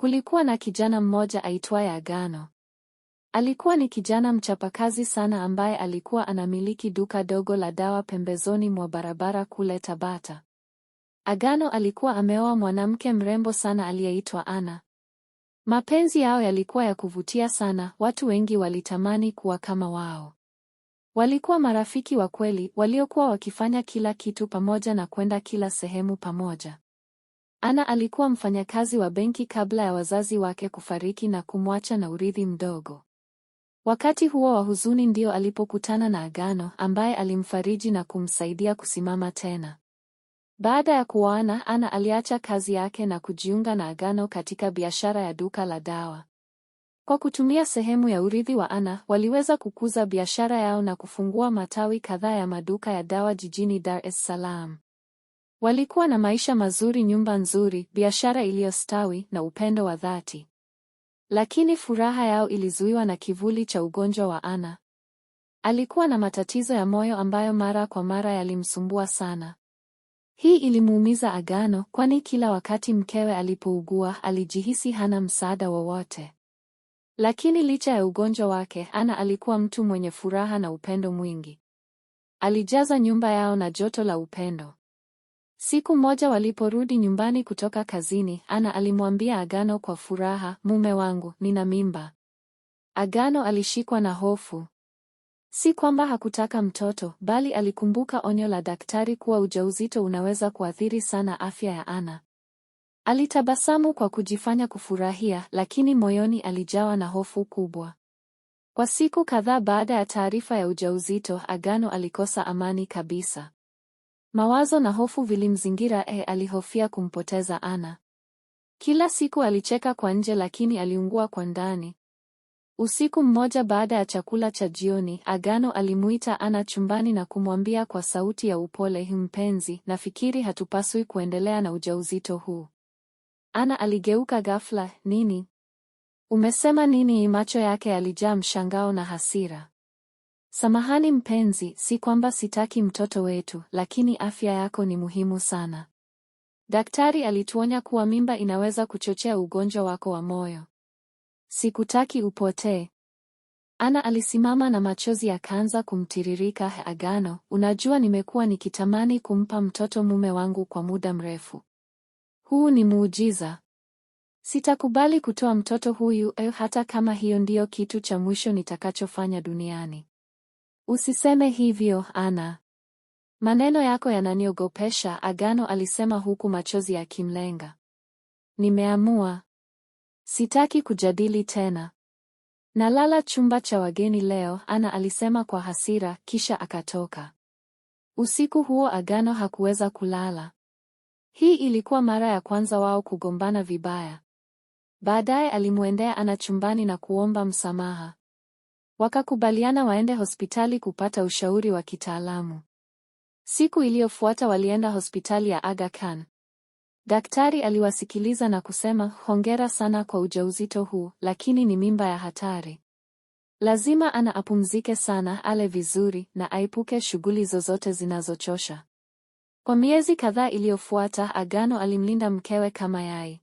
Kulikuwa na kijana mmoja aitwaye Agano. Alikuwa ni kijana mchapakazi sana ambaye alikuwa anamiliki duka dogo la dawa pembezoni mwa barabara kule Tabata. Agano alikuwa ameoa mwanamke mrembo sana aliyeitwa Ana. Mapenzi yao yalikuwa ya kuvutia sana, watu wengi walitamani kuwa kama wao. Walikuwa marafiki wa kweli waliokuwa wakifanya kila kitu pamoja na kwenda kila sehemu pamoja. Ana alikuwa mfanyakazi wa benki kabla ya wazazi wake kufariki na kumwacha na urithi mdogo. Wakati huo wa huzuni ndio alipokutana na Agano ambaye alimfariji na kumsaidia kusimama tena. Baada ya kuoana, Ana aliacha kazi yake na kujiunga na Agano katika biashara ya duka la dawa. Kwa kutumia sehemu ya urithi wa Ana, waliweza kukuza biashara yao na kufungua matawi kadhaa ya maduka ya dawa jijini Dar es Salaam. Walikuwa na maisha mazuri, nyumba nzuri, biashara iliyostawi na upendo wa dhati. Lakini furaha yao ilizuiwa na kivuli cha ugonjwa wa Ana. Alikuwa na matatizo ya moyo ambayo mara kwa mara yalimsumbua sana. Hii ilimuumiza Agano, kwani kila wakati mkewe alipougua alijihisi hana msaada wowote. Lakini licha ya ugonjwa wake, Ana alikuwa mtu mwenye furaha na upendo mwingi. Alijaza nyumba yao na joto la upendo. Siku moja waliporudi nyumbani kutoka kazini, Ana alimwambia Agano kwa furaha, mume wangu, nina mimba. Agano alishikwa na hofu. Si kwamba hakutaka mtoto, bali alikumbuka onyo la daktari kuwa ujauzito unaweza kuathiri sana afya ya Ana. Alitabasamu kwa kujifanya kufurahia, lakini moyoni alijawa na hofu kubwa. Kwa siku kadhaa baada ya taarifa ya ujauzito, Agano alikosa amani kabisa. Mawazo na hofu vilimzingira e, alihofia kumpoteza Ana. Kila siku alicheka kwa nje lakini aliungua kwa ndani. Usiku mmoja baada ya chakula cha jioni, Agano alimuita Ana chumbani na kumwambia kwa sauti ya upole, mpenzi, nafikiri hatupaswi kuendelea na ujauzito huu. Ana aligeuka ghafla, nini? Umesema nini? Macho yake yalijaa mshangao na hasira. Samahani mpenzi, si kwamba sitaki mtoto wetu, lakini afya yako ni muhimu sana. Daktari alituonya kuwa mimba inaweza kuchochea ugonjwa wako wa moyo. Sikutaki upotee. Ana alisimama na machozi yakaanza kumtiririka. Agano, unajua nimekuwa nikitamani kumpa mtoto mume wangu kwa muda mrefu. Huu ni muujiza. Sitakubali kutoa mtoto huyu, eh, hata kama hiyo ndiyo kitu cha mwisho nitakachofanya duniani. Usiseme hivyo, Ana. Maneno yako yananiogopesha, Agano alisema huku machozi yakimlenga. Nimeamua. Sitaki kujadili tena. Nalala chumba cha wageni leo, Ana alisema kwa hasira, kisha akatoka. Usiku huo Agano hakuweza kulala. Hii ilikuwa mara ya kwanza wao kugombana vibaya. Baadaye alimwendea Ana chumbani na kuomba msamaha. Wakakubaliana waende hospitali kupata ushauri wa kitaalamu. Siku iliyofuata walienda hospitali ya Aga Khan. Daktari aliwasikiliza na kusema, hongera sana kwa ujauzito huu, lakini ni mimba ya hatari. Lazima ana apumzike sana, ale vizuri na aepuke shughuli zozote zinazochosha. Kwa miezi kadhaa iliyofuata, Agano alimlinda mkewe kama yai.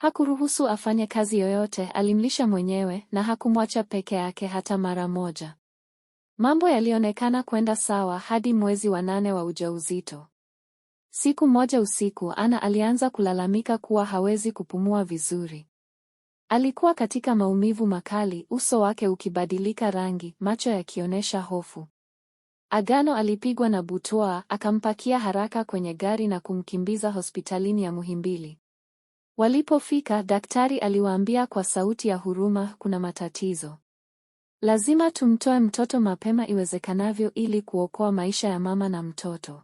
Hakuruhusu afanye kazi yoyote, alimlisha mwenyewe na hakumwacha peke yake hata mara moja. Mambo yalionekana kwenda sawa hadi mwezi wa nane wa ujauzito. Siku moja usiku, Ana alianza kulalamika kuwa hawezi kupumua vizuri. Alikuwa katika maumivu makali, uso wake ukibadilika rangi, macho yakionyesha hofu. Agano alipigwa na butwaa, akampakia haraka kwenye gari na kumkimbiza hospitalini ya Muhimbili. Walipofika, daktari aliwaambia kwa sauti ya huruma, kuna matatizo. Lazima tumtoe mtoto mapema iwezekanavyo ili kuokoa maisha ya mama na mtoto.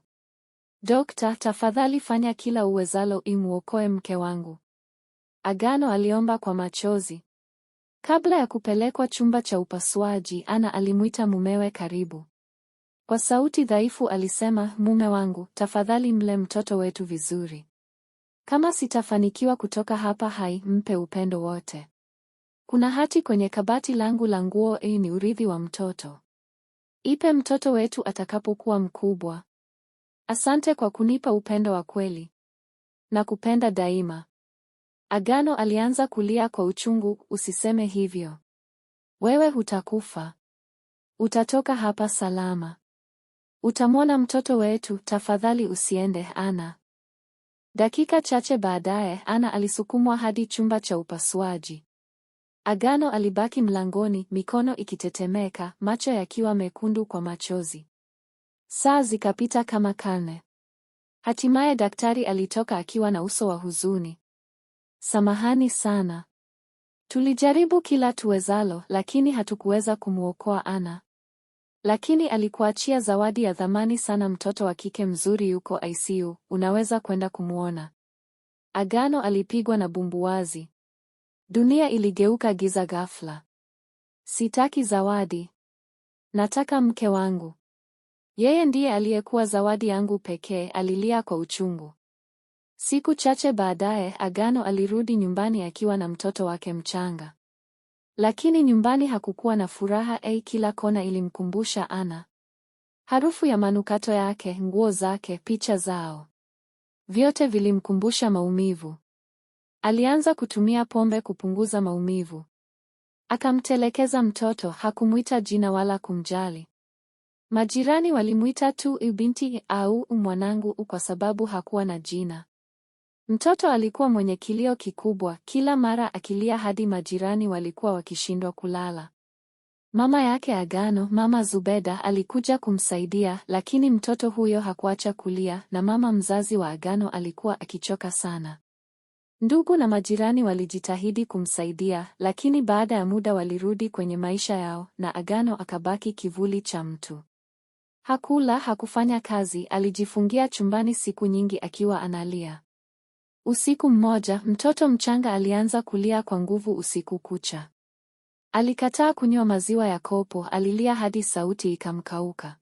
Dokta, tafadhali fanya kila uwezalo imuokoe mke wangu. Agano aliomba kwa machozi. Kabla ya kupelekwa chumba cha upasuaji, Ana alimwita mumewe karibu. Kwa sauti dhaifu alisema, mume wangu, tafadhali mle mtoto wetu vizuri. Kama sitafanikiwa kutoka hapa hai, mpe upendo wote. Kuna hati kwenye kabati langu la nguo, hii ni urithi wa mtoto. Ipe mtoto wetu atakapokuwa mkubwa. Asante kwa kunipa upendo wa kweli. na kupenda daima. Agano alianza kulia kwa uchungu, usiseme hivyo. Wewe hutakufa. Utatoka hapa salama. Utamwona mtoto wetu, tafadhali usiende, Ana. Dakika chache baadaye, Ana alisukumwa hadi chumba cha upasuaji. Agano alibaki mlangoni, mikono ikitetemeka, macho yakiwa mekundu kwa machozi. Saa zikapita kama karne. Hatimaye daktari alitoka akiwa na uso wa huzuni. Samahani sana. Tulijaribu kila tuwezalo, lakini hatukuweza kumwokoa Ana. Lakini alikuachia zawadi ya thamani sana, mtoto wa kike mzuri yuko ICU, unaweza kwenda kumwona. Agano alipigwa na bumbuwazi. Dunia iligeuka giza ghafla. Sitaki zawadi. Nataka mke wangu. Yeye ndiye aliyekuwa zawadi yangu pekee, alilia kwa uchungu. Siku chache baadaye, Agano alirudi nyumbani akiwa na mtoto wake mchanga. Lakini nyumbani hakukuwa na furaha ei, kila kona ilimkumbusha Ana. Harufu ya manukato yake, nguo zake, picha zao, vyote vilimkumbusha maumivu. Alianza kutumia pombe kupunguza maumivu. Akamtelekeza mtoto, hakumwita jina wala kumjali. Majirani walimwita tu, ibinti au mwanangu, kwa sababu hakuwa na jina. Mtoto alikuwa mwenye kilio kikubwa, kila mara akilia hadi majirani walikuwa wakishindwa kulala. Mama yake Agano, Mama Zubeda, alikuja kumsaidia, lakini mtoto huyo hakuacha kulia na mama mzazi wa Agano alikuwa akichoka sana. Ndugu na majirani walijitahidi kumsaidia, lakini baada ya muda walirudi kwenye maisha yao na Agano akabaki kivuli cha mtu. Hakula, hakufanya kazi, alijifungia chumbani siku nyingi akiwa analia. Usiku mmoja, mtoto mchanga alianza kulia kwa nguvu usiku kucha. Alikataa kunywa maziwa ya kopo, alilia hadi sauti ikamkauka.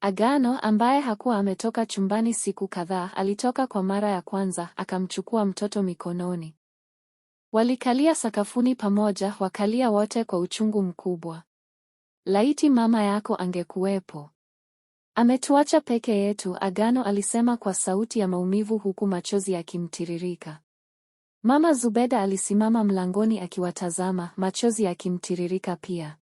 Agano, ambaye hakuwa ametoka chumbani siku kadhaa, alitoka kwa mara ya kwanza, akamchukua mtoto mikononi. Walikalia sakafuni pamoja, wakalia wote kwa uchungu mkubwa. Laiti mama yako angekuwepo. Ametuacha peke yetu, Agano alisema kwa sauti ya maumivu huku machozi yakimtiririka. Mama Zubeda alisimama mlangoni akiwatazama, machozi yakimtiririka pia.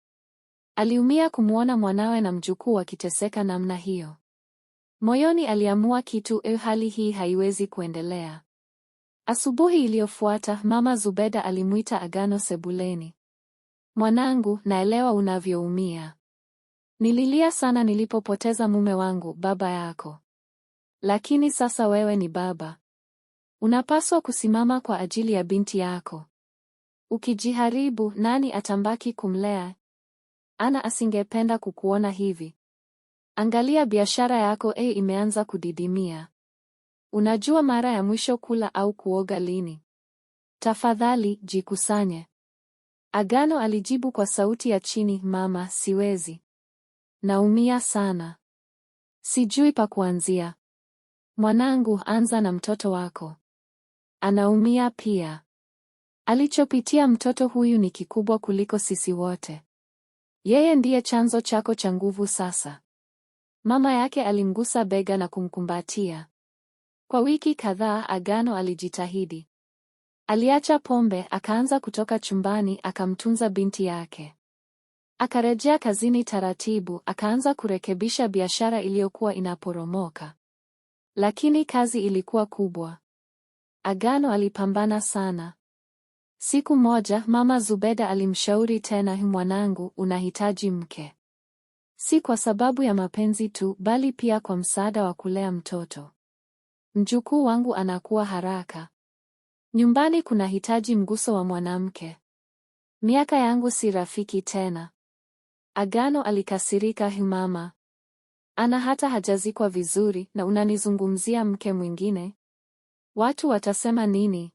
Aliumia kumwona mwanawe na mjukuu wakiteseka namna hiyo. Moyoni aliamua kitu, e, hali hii haiwezi kuendelea. Asubuhi iliyofuata, Mama Zubeda alimwita Agano sebuleni. Mwanangu, naelewa unavyoumia. Nililia sana nilipopoteza mume wangu, baba yako. Lakini sasa wewe ni baba. Unapaswa kusimama kwa ajili ya binti yako. Ukijiharibu, nani atambaki kumlea? Ana asingependa kukuona hivi. Angalia biashara yako e, imeanza kudidimia. Unajua mara ya mwisho kula au kuoga lini? Tafadhali jikusanye. Agano alijibu kwa sauti ya chini, mama, siwezi. Naumia sana, sijui pa kuanzia. Mwanangu, anza na mtoto wako, anaumia pia. Alichopitia mtoto huyu ni kikubwa kuliko sisi wote. Yeye ndiye chanzo chako cha nguvu sasa. Mama yake alimgusa bega na kumkumbatia. Kwa wiki kadhaa Agano alijitahidi. Aliacha pombe, akaanza kutoka chumbani, akamtunza binti yake. Akarejea kazini taratibu, akaanza kurekebisha biashara iliyokuwa inaporomoka. Lakini kazi ilikuwa kubwa. Agano alipambana sana. Siku moja Mama Zubeda alimshauri tena, mwanangu, unahitaji mke. Si kwa sababu ya mapenzi tu, bali pia kwa msaada wa kulea mtoto. Mjukuu wangu anakuwa haraka. Nyumbani kunahitaji mguso wa mwanamke. Miaka yangu si rafiki tena. Agano alikasirika, himama ana hata hajazikwa vizuri na unanizungumzia mke mwingine? Watu watasema nini?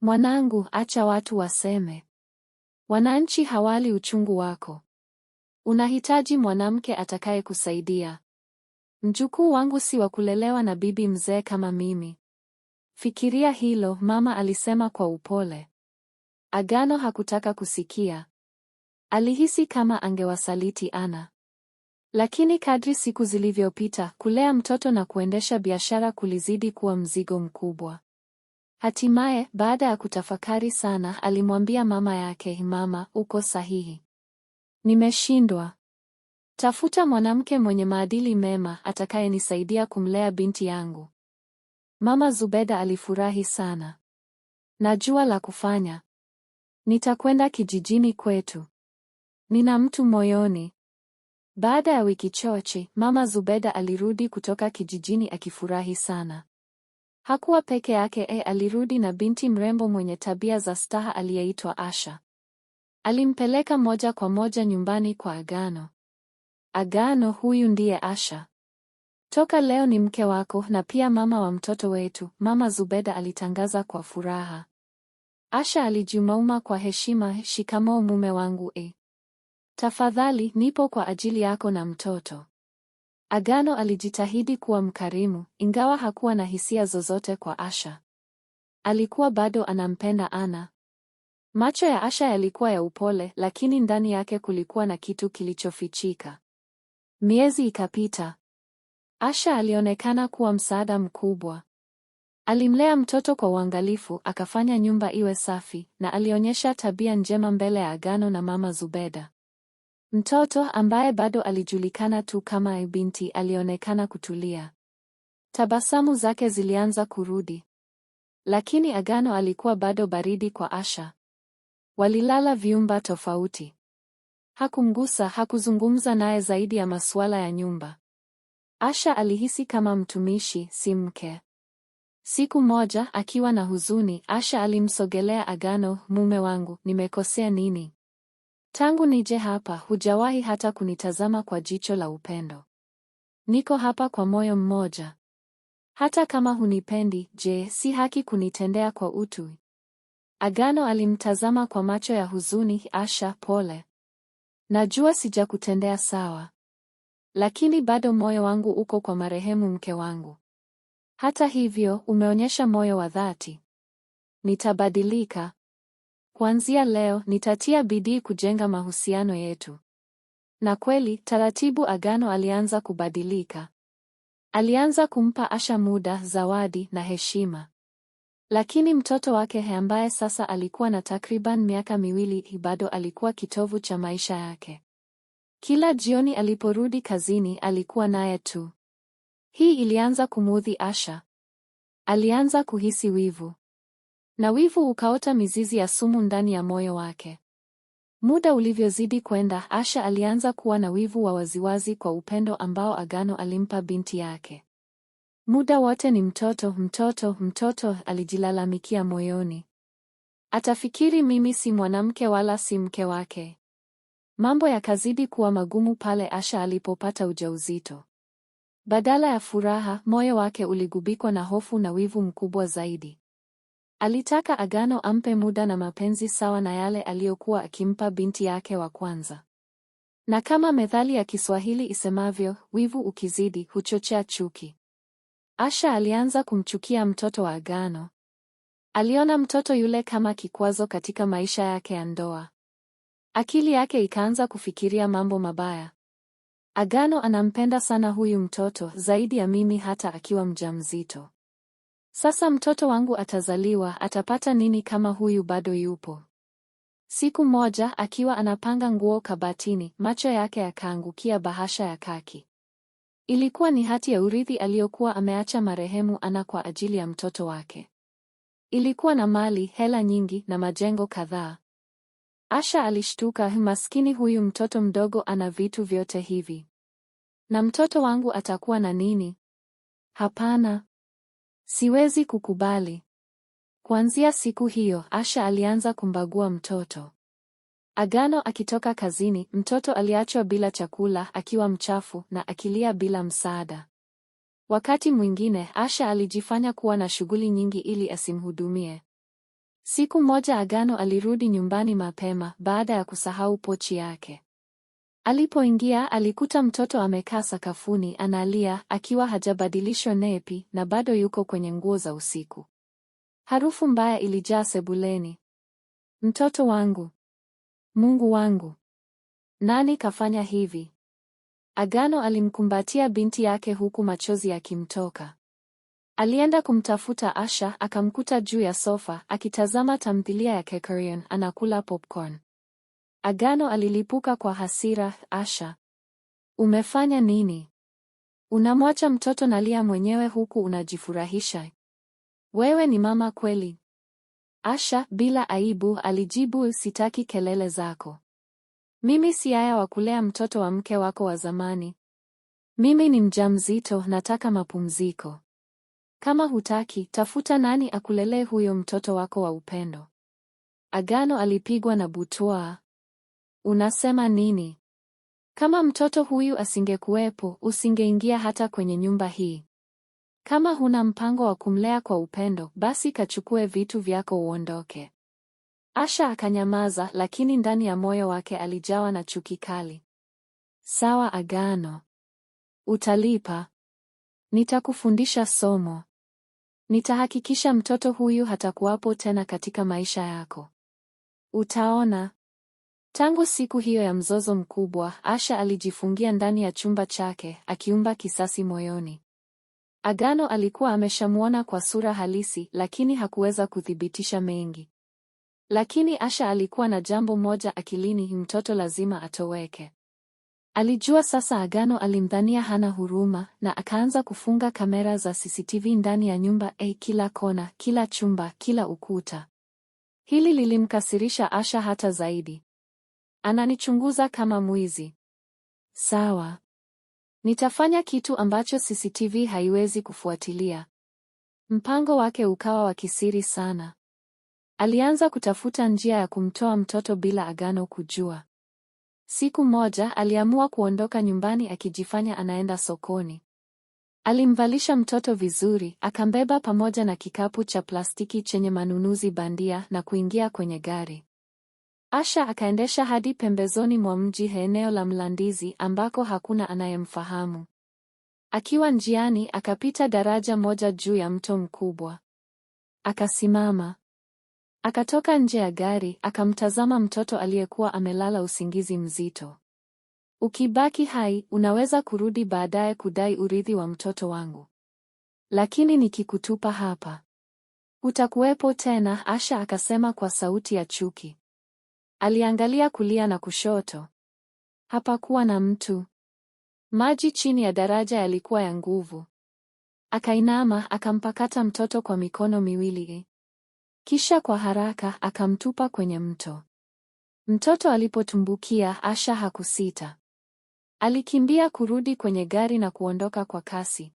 Mwanangu, acha watu waseme. Wananchi hawali uchungu wako. Unahitaji mwanamke atakayekusaidia. Mjukuu wangu si wa kulelewa na bibi mzee kama mimi. Fikiria hilo, mama alisema kwa upole. Agano hakutaka kusikia. Alihisi kama angewasaliti Ana. Lakini kadri siku zilivyopita, kulea mtoto na kuendesha biashara kulizidi kuwa mzigo mkubwa. Hatimaye, baada ya kutafakari sana, alimwambia mama yake, "Mama, uko sahihi. Nimeshindwa. Tafuta mwanamke mwenye maadili mema atakayenisaidia kumlea binti yangu." Mama Zubeda alifurahi sana. Najua la kufanya. Nitakwenda kijijini kwetu. Nina mtu moyoni. Baada ya wiki choche, Mama Zubeda alirudi kutoka kijijini akifurahi sana. Hakuwa peke yake, e, alirudi na binti mrembo mwenye tabia za staha aliyeitwa Asha. Alimpeleka moja kwa moja nyumbani kwa Agano. Agano, huyu ndiye Asha. Toka leo ni mke wako na pia mama wa mtoto wetu, Mama Zubeda alitangaza kwa furaha. Asha alijimauma kwa heshima, shikamoo mume wangu e. Tafadhali nipo kwa ajili yako na mtoto. Agano alijitahidi kuwa mkarimu, ingawa hakuwa na hisia zozote kwa Asha. Alikuwa bado anampenda Ana. Macho ya Asha yalikuwa ya upole, lakini ndani yake kulikuwa na kitu kilichofichika. Miezi ikapita. Asha alionekana kuwa msaada mkubwa. Alimlea mtoto kwa uangalifu, akafanya nyumba iwe safi, na alionyesha tabia njema mbele ya Agano na Mama Zubeda. Mtoto ambaye bado alijulikana tu kama binti alionekana kutulia. Tabasamu zake zilianza kurudi. Lakini agano alikuwa bado baridi kwa Asha. Walilala vyumba tofauti. Hakumgusa, hakuzungumza naye zaidi ya masuala ya nyumba. Asha alihisi kama mtumishi, si mke. Siku moja, akiwa na huzuni, Asha alimsogelea Agano, mume wangu, nimekosea nini? Tangu nije hapa hujawahi hata kunitazama kwa jicho la upendo. Niko hapa kwa moyo mmoja. Hata kama hunipendi, je, si haki kunitendea kwa utu? Agano alimtazama kwa macho ya huzuni. Asha, pole. Najua sijakutendea sawa, lakini bado moyo wangu uko kwa marehemu mke wangu. Hata hivyo, umeonyesha moyo wa dhati. Nitabadilika. Kuanzia leo nitatia bidii kujenga mahusiano yetu. Na kweli taratibu Agano alianza kubadilika. Alianza kumpa Asha muda, zawadi na heshima. Lakini mtoto wake ambaye sasa alikuwa na takriban miaka miwili bado alikuwa kitovu cha maisha yake. Kila jioni aliporudi kazini alikuwa naye tu. Hii ilianza kumuudhi Asha. Alianza kuhisi wivu na wivu ukaota mizizi ya sumu ndani ya moyo wake. Muda ulivyozidi kwenda, Asha alianza kuwa na wivu wa waziwazi kwa upendo ambao Agano alimpa binti yake. Muda wote ni mtoto, mtoto, mtoto, alijilalamikia moyoni. Atafikiri mimi si mwanamke wala si mke wake. Mambo yakazidi kuwa magumu pale Asha alipopata ujauzito. Badala ya furaha, moyo wake uligubikwa na hofu na wivu mkubwa zaidi. Alitaka Agano ampe muda na mapenzi sawa na yale aliyokuwa akimpa binti yake wa kwanza. Na kama methali ya Kiswahili isemavyo, wivu ukizidi huchochea chuki. Asha alianza kumchukia mtoto wa Agano. Aliona mtoto yule kama kikwazo katika maisha yake ya ndoa. Akili yake ikaanza kufikiria mambo mabaya. Agano anampenda sana huyu mtoto zaidi ya mimi hata akiwa mjamzito. Sasa mtoto wangu atazaliwa, atapata nini kama huyu bado yupo? Siku moja akiwa anapanga nguo kabatini, macho yake yakaangukia bahasha ya kaki. Ilikuwa ni hati ya urithi aliyokuwa ameacha marehemu Ana kwa ajili ya mtoto wake. Ilikuwa na mali, hela nyingi na majengo kadhaa. Asha alishtuka, maskini huyu mtoto mdogo ana vitu vyote hivi. Na mtoto wangu atakuwa na nini? Hapana, Siwezi kukubali. Kuanzia siku hiyo, Asha alianza kumbagua mtoto. Agano akitoka kazini, mtoto aliachwa bila chakula, akiwa mchafu na akilia bila msaada. Wakati mwingine, Asha alijifanya kuwa na shughuli nyingi ili asimhudumie. Siku moja Agano alirudi nyumbani mapema baada ya kusahau pochi yake. Alipoingia alikuta mtoto amekaa sakafuni analia, akiwa hajabadilishwa nepi na bado yuko kwenye nguo za usiku. Harufu mbaya ilijaa sebuleni. Mtoto wangu! Mungu wangu! Nani kafanya hivi? Agano alimkumbatia binti yake huku machozi yakimtoka. Alienda kumtafuta Asha akamkuta juu ya sofa akitazama tamthilia ya Kekorian anakula popcorn. Agano alilipuka kwa hasira. Asha, umefanya nini? Unamwacha mtoto nalia mwenyewe huku unajifurahisha. Wewe ni mama kweli? Asha bila aibu alijibu, sitaki kelele zako. Mimi si aya wa kulea mtoto wa mke wako wa zamani. Mimi ni mjamzito, nataka mapumziko. Kama hutaki, tafuta nani akulelee huyo mtoto wako wa upendo. Agano alipigwa na butwaa. Unasema nini? Kama mtoto huyu asingekuwepo, usingeingia hata kwenye nyumba hii. Kama huna mpango wa kumlea kwa upendo, basi kachukue vitu vyako uondoke. Asha akanyamaza, lakini ndani ya moyo wake alijawa na chuki kali. Sawa, agano. Utalipa. Nitakufundisha somo. Nitahakikisha mtoto huyu hatakuwapo tena katika maisha yako. Utaona. Tangu siku hiyo ya mzozo mkubwa, Asha alijifungia ndani ya chumba chake, akiumba kisasi moyoni. Agano alikuwa ameshamwona kwa sura halisi, lakini hakuweza kuthibitisha mengi. Lakini Asha alikuwa na jambo moja akilini, mtoto lazima atoweke. Alijua sasa Agano alimdhania hana huruma, na akaanza kufunga kamera za CCTV ndani ya nyumba a, eh, kila kona, kila chumba, kila ukuta. Hili lilimkasirisha Asha hata zaidi. Ananichunguza kama mwizi. Sawa. Nitafanya kitu ambacho CCTV haiwezi kufuatilia. Mpango wake ukawa wa kisiri sana. Alianza kutafuta njia ya kumtoa mtoto bila Agano kujua. Siku moja aliamua kuondoka nyumbani akijifanya anaenda sokoni. Alimvalisha mtoto vizuri, akambeba pamoja na kikapu cha plastiki chenye manunuzi bandia na kuingia kwenye gari. Asha akaendesha hadi pembezoni mwa mji, eneo la Mlandizi ambako hakuna anayemfahamu. Akiwa njiani akapita daraja moja juu ya mto mkubwa. Akasimama. Akatoka nje ya gari, akamtazama mtoto aliyekuwa amelala usingizi mzito. Ukibaki hai, unaweza kurudi baadaye kudai urithi wa mtoto wangu. Lakini nikikutupa hapa, utakuwepo tena, Asha akasema kwa sauti ya chuki. Aliangalia kulia na kushoto. Hapakuwa na mtu. Maji chini ya daraja yalikuwa ya nguvu. Akainama akampakata mtoto kwa mikono miwili, kisha kwa haraka akamtupa kwenye mto. Mtoto alipotumbukia, Asha hakusita. Alikimbia kurudi kwenye gari na kuondoka kwa kasi.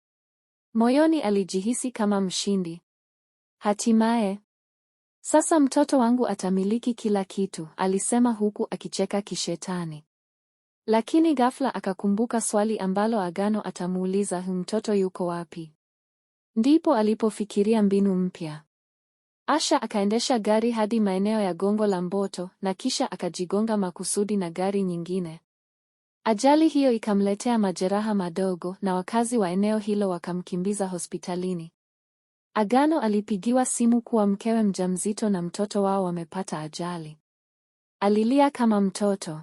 Moyoni alijihisi kama mshindi. Hatimaye sasa mtoto wangu atamiliki kila kitu, alisema huku akicheka kishetani. Lakini ghafla akakumbuka swali ambalo Agano atamuuliza, hm, mtoto yuko wapi? Ndipo alipofikiria mbinu mpya. Asha akaendesha gari hadi maeneo ya Gongo la Mboto na kisha akajigonga makusudi na gari nyingine. Ajali hiyo ikamletea majeraha madogo na wakazi wa eneo hilo wakamkimbiza hospitalini. Agano alipigiwa simu kuwa mkewe mjamzito na mtoto wao wamepata ajali. Alilia kama mtoto.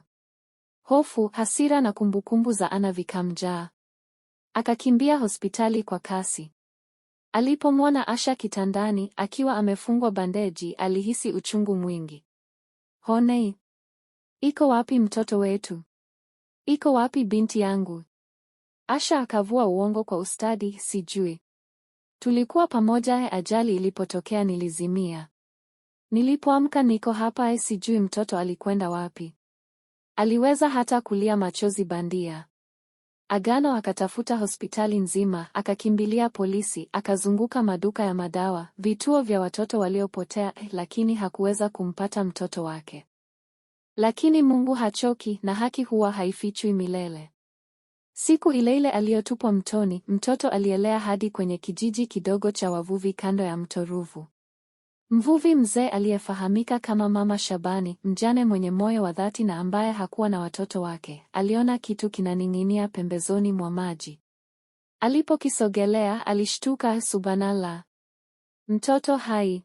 Hofu, hasira na kumbukumbu za Ana vikamjaa. Akakimbia hospitali kwa kasi. Alipomwona Asha kitandani akiwa amefungwa bandeji, alihisi uchungu mwingi. Honei, iko wapi mtoto wetu? Iko wapi binti yangu? Asha akavua uongo kwa ustadi, sijui. Tulikuwa pamoja, ajali ilipotokea nilizimia. Nilipoamka niko hapa, sijui mtoto alikwenda wapi. Aliweza hata kulia machozi bandia. Agano akatafuta hospitali nzima, akakimbilia polisi, akazunguka maduka ya madawa, vituo vya watoto waliopotea, lakini hakuweza kumpata mtoto wake. Lakini Mungu hachoki na haki huwa haifichwi milele. Siku ile ile aliyotupwa mtoni, mtoto alielea hadi kwenye kijiji kidogo cha wavuvi kando ya mto Ruvu. Mvuvi mzee aliyefahamika kama Mama Shabani, mjane mwenye moyo wa dhati na ambaye hakuwa na watoto wake, aliona kitu kinaning'inia pembezoni mwa maji. Alipokisogelea alishtuka, subanala! mtoto hai!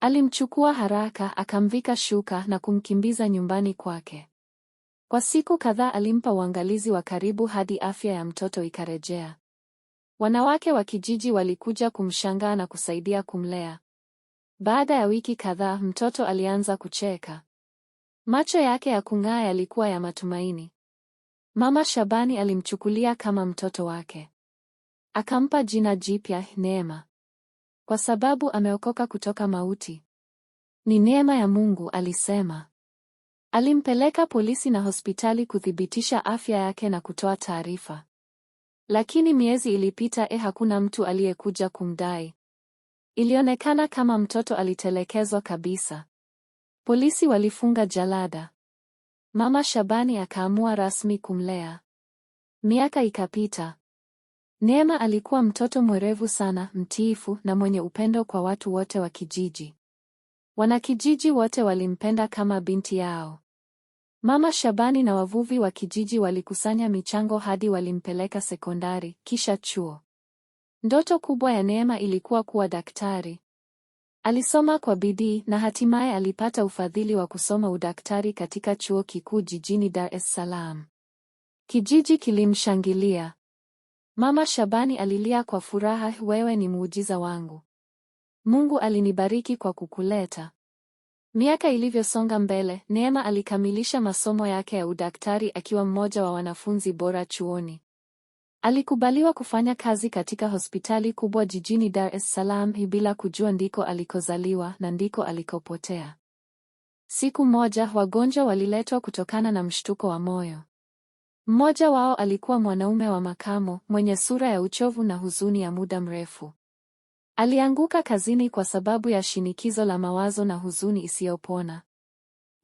Alimchukua haraka, akamvika shuka na kumkimbiza nyumbani kwake. Kwa siku kadhaa alimpa uangalizi wa karibu hadi afya ya mtoto ikarejea. Wanawake wa kijiji walikuja kumshangaa na kusaidia kumlea. Baada ya wiki kadhaa, mtoto alianza kucheka. Macho yake ya kung'aa yalikuwa ya matumaini. Mama Shabani alimchukulia kama mtoto wake. Akampa jina jipya Neema, kwa sababu ameokoka kutoka mauti. Ni neema ya Mungu, alisema. Alimpeleka polisi na hospitali kuthibitisha afya yake na kutoa taarifa, lakini miezi ilipita, e, hakuna mtu aliyekuja kumdai. Ilionekana kama mtoto alitelekezwa kabisa. Polisi walifunga jalada. Mama Shabani akaamua rasmi kumlea. Miaka ikapita. Neema alikuwa mtoto mwerevu sana, mtiifu na mwenye upendo kwa watu wote wa kijiji. Wanakijiji wote walimpenda kama binti yao. Mama Shabani na wavuvi wa kijiji walikusanya michango hadi walimpeleka sekondari, kisha chuo. Ndoto kubwa ya Neema ilikuwa kuwa daktari. Alisoma kwa bidii na hatimaye alipata ufadhili wa kusoma udaktari katika chuo kikuu jijini Dar es Salaam. Kijiji kilimshangilia. Mama Shabani alilia kwa furaha, wewe ni muujiza wangu. Mungu alinibariki kwa kukuleta. Miaka ilivyosonga mbele, Neema alikamilisha masomo yake ya udaktari akiwa mmoja wa wanafunzi bora chuoni. Alikubaliwa kufanya kazi katika hospitali kubwa jijini Dar es Salaam bila kujua ndiko alikozaliwa na ndiko alikopotea. Siku moja wagonjwa waliletwa kutokana na mshtuko wa moyo. Mmoja wao alikuwa mwanaume wa makamo mwenye sura ya uchovu na huzuni ya muda mrefu. Alianguka kazini kwa sababu ya shinikizo la mawazo na huzuni isiyopona.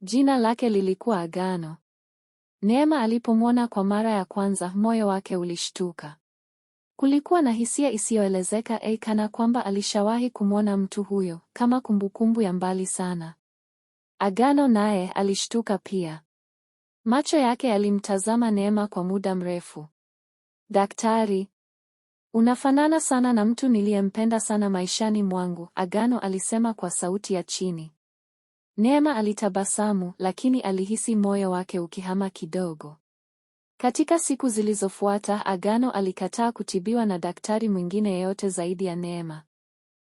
Jina lake lilikuwa Agano. Neema alipomwona kwa mara ya kwanza, moyo wake ulishtuka. Kulikuwa na hisia isiyoelezeka, ei, kana kwamba alishawahi kumwona mtu huyo, kama kumbukumbu ya mbali sana. Agano naye alishtuka pia. Macho yake yalimtazama Neema kwa muda mrefu. Daktari, Unafanana sana na mtu niliyempenda sana maishani mwangu, Agano alisema kwa sauti ya chini. Neema alitabasamu, lakini alihisi moyo wake ukihama kidogo. Katika siku zilizofuata, Agano alikataa kutibiwa na daktari mwingine yeyote zaidi ya Neema.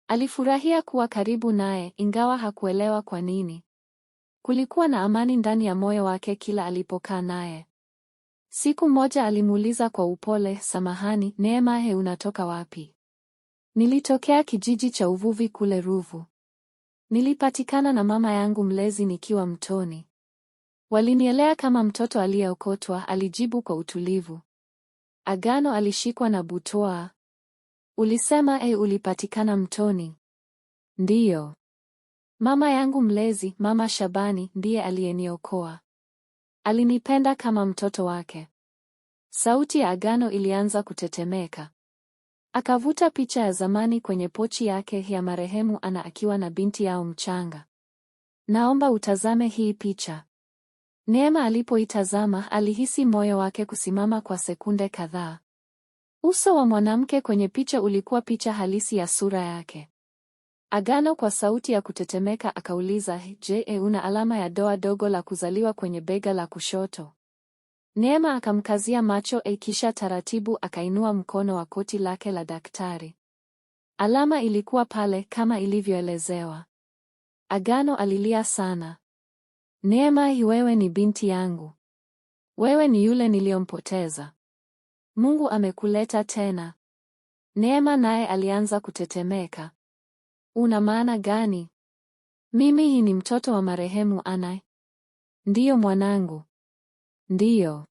Alifurahia kuwa karibu naye, ingawa hakuelewa kwa nini. Kulikuwa na amani ndani ya moyo wake kila alipokaa naye. Siku moja alimuuliza kwa upole, samahani Neema, he, unatoka wapi? Nilitokea kijiji cha uvuvi kule Ruvu. Nilipatikana na mama yangu mlezi nikiwa mtoni. Walinielea kama mtoto aliyeokotwa, alijibu kwa utulivu. Agano alishikwa na butwaa. Ulisema e, ulipatikana mtoni? Ndiyo. Mama yangu mlezi, Mama Shabani, ndiye aliyeniokoa. Alinipenda kama mtoto wake. Sauti ya agano ilianza kutetemeka. Akavuta picha ya zamani kwenye pochi yake ya marehemu Ana akiwa na binti yao mchanga. Naomba utazame hii picha. Neema alipoitazama alihisi moyo wake kusimama kwa sekunde kadhaa. Uso wa mwanamke kwenye picha ulikuwa picha halisi ya sura yake. Agano kwa sauti ya kutetemeka akauliza, je, e, una alama ya doa dogo la kuzaliwa kwenye bega la kushoto? Neema akamkazia macho e, kisha taratibu akainua mkono wa koti lake la daktari. Alama ilikuwa pale kama ilivyoelezewa. Agano alilia sana. Neema, wewe ni binti yangu, wewe ni yule niliyompoteza. Mungu amekuleta tena. Neema naye alianza kutetemeka. Una maana gani? Mimi hii ni mtoto wa marehemu Ana. Ndiyo mwanangu. Ndiyo.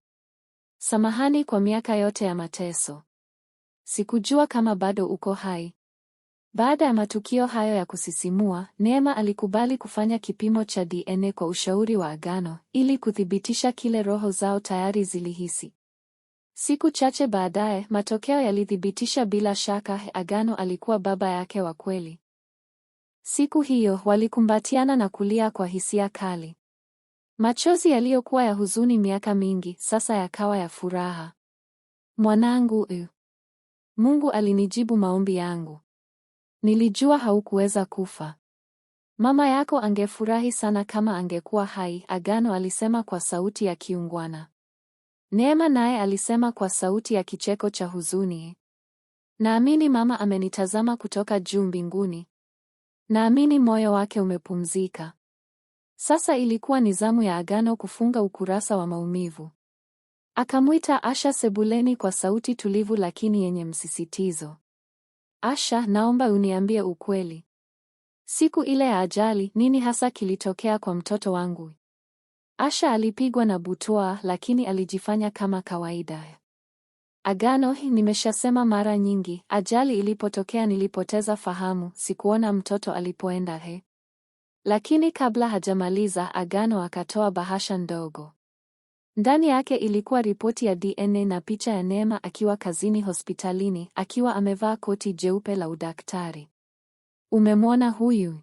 Samahani kwa miaka yote ya mateso. Sikujua kama bado uko hai. Baada ya matukio hayo ya kusisimua, Neema alikubali kufanya kipimo cha DNA kwa ushauri wa Agano ili kuthibitisha kile roho zao tayari zilihisi. Siku chache baadaye, matokeo yalithibitisha bila shaka Agano alikuwa baba yake wa kweli. Siku hiyo walikumbatiana na kulia kwa hisia kali. Machozi yaliyokuwa ya huzuni miaka mingi sasa yakawa ya furaha. Mwanangu, Mungu alinijibu maombi yangu. Nilijua haukuweza kufa. Mama yako angefurahi sana kama angekuwa hai, Agano alisema kwa sauti ya kiungwana. Neema naye alisema kwa sauti ya kicheko cha huzuni. Naamini mama amenitazama kutoka juu mbinguni, Naamini moyo wake umepumzika. Sasa ilikuwa ni zamu ya Agano kufunga ukurasa wa maumivu. Akamwita Asha sebuleni kwa sauti tulivu lakini yenye msisitizo. Asha, naomba uniambie ukweli. Siku ile ya ajali, nini hasa kilitokea kwa mtoto wangu? Asha alipigwa na butwaa lakini alijifanya kama kawaida. Agano, nimeshasema mara nyingi, ajali ilipotokea nilipoteza fahamu, sikuona mtoto alipoenda he. Lakini kabla hajamaliza, Agano akatoa bahasha ndogo. Ndani yake ilikuwa ripoti ya DNA na picha ya Neema akiwa kazini hospitalini, akiwa amevaa koti jeupe la udaktari. Umemwona huyu?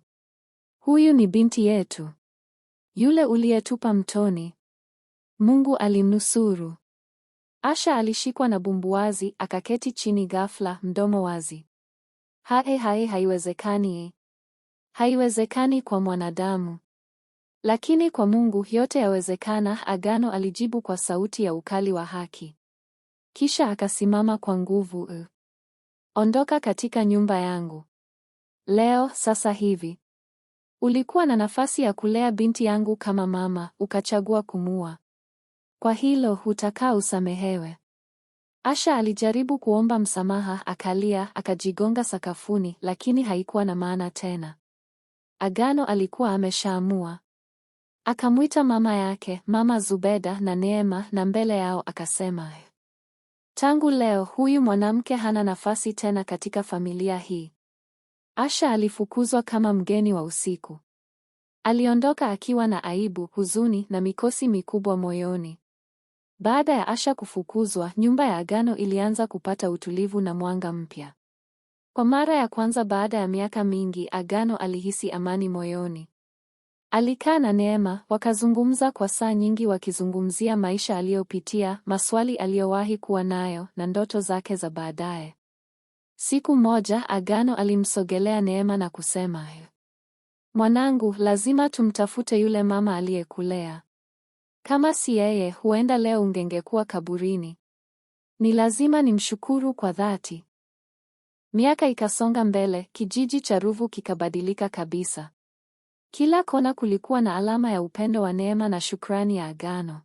Huyu ni binti yetu. Yule uliyetupa mtoni. Mungu alimnusuru. Asha alishikwa na bumbuazi akaketi chini ghafla, mdomo wazi. Hae, hae, haiwezekani! Haiwezekani kwa mwanadamu, lakini kwa Mungu yote yawezekana, Agano alijibu kwa sauti ya ukali wa haki. Kisha akasimama kwa nguvu. Uh, ondoka katika nyumba yangu leo, sasa hivi. Ulikuwa na nafasi ya kulea binti yangu kama mama, ukachagua kumua. Kwa hilo hutakaa usamehewe. Asha alijaribu kuomba msamaha, akalia, akajigonga sakafuni, lakini haikuwa na maana tena. Agano alikuwa ameshaamua. Akamwita mama yake, Mama Zubeda na Neema, na mbele yao akasema, tangu leo huyu mwanamke hana nafasi tena katika familia hii. Asha alifukuzwa kama mgeni wa usiku. Aliondoka akiwa na aibu, huzuni na mikosi mikubwa moyoni. Baada ya Asha kufukuzwa, nyumba ya Agano ilianza kupata utulivu na mwanga mpya. Kwa mara ya kwanza baada ya miaka mingi, Agano alihisi amani moyoni. Alikaa na Neema, wakazungumza kwa saa nyingi wakizungumzia maisha aliyopitia, maswali aliyowahi kuwa nayo na ndoto zake za baadaye. Siku moja, Agano alimsogelea Neema na kusema, "Mwanangu, lazima tumtafute yule mama aliyekulea. Kama si yeye, huenda leo ungengekuwa kaburini. Ni lazima nimshukuru kwa dhati. Miaka ikasonga mbele, kijiji cha Ruvu kikabadilika kabisa. Kila kona kulikuwa na alama ya upendo wa neema na shukrani ya agano.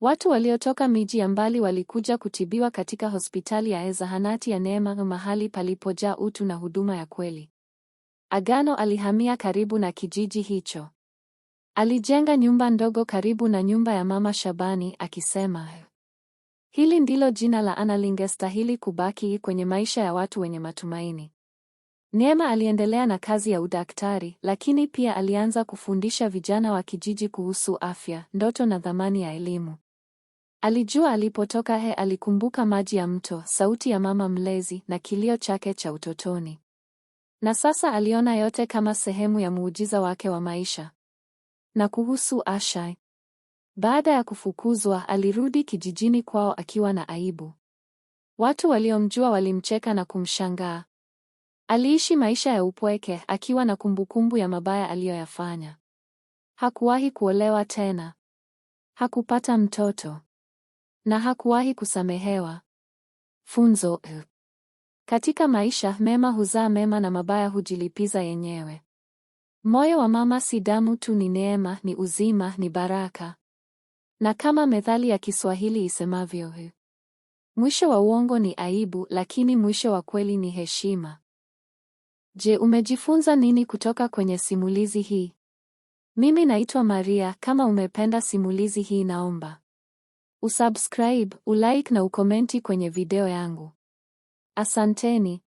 Watu waliotoka miji ya mbali walikuja kutibiwa katika hospitali ya zahanati ya Neema, mahali palipojaa utu na huduma ya kweli. Agano alihamia karibu na kijiji hicho. Alijenga nyumba ndogo karibu na nyumba ya mama Shabani akisema, hili ndilo jina la Ana lingestahili kubaki kwenye maisha ya watu wenye matumaini. Neema aliendelea na kazi ya udaktari, lakini pia alianza kufundisha vijana wa kijiji kuhusu afya, ndoto na thamani ya elimu. Alijua alipotoka he, alikumbuka maji ya mto, sauti ya mama mlezi na kilio chake cha utotoni, na sasa aliona yote kama sehemu ya muujiza wake wa maisha. Na kuhusu Asha, baada ya kufukuzwa alirudi kijijini kwao akiwa na aibu. Watu waliomjua walimcheka na kumshangaa. Aliishi maisha ya upweke akiwa na kumbukumbu ya mabaya aliyoyafanya. Hakuwahi kuolewa tena, hakupata mtoto na hakuwahi kusamehewa. Funzo: eh. katika maisha mema huzaa mema na mabaya hujilipiza yenyewe. Moyo wa mama si damu tu, ni neema, ni uzima, ni baraka. Na kama methali ya Kiswahili isemavyo, mwisho wa uongo ni aibu, lakini mwisho wa kweli ni heshima. Je, umejifunza nini kutoka kwenye simulizi hii? Mimi naitwa Maria. Kama umependa simulizi hii, naomba usubscribe, ulike na ukomenti kwenye video yangu. Asanteni.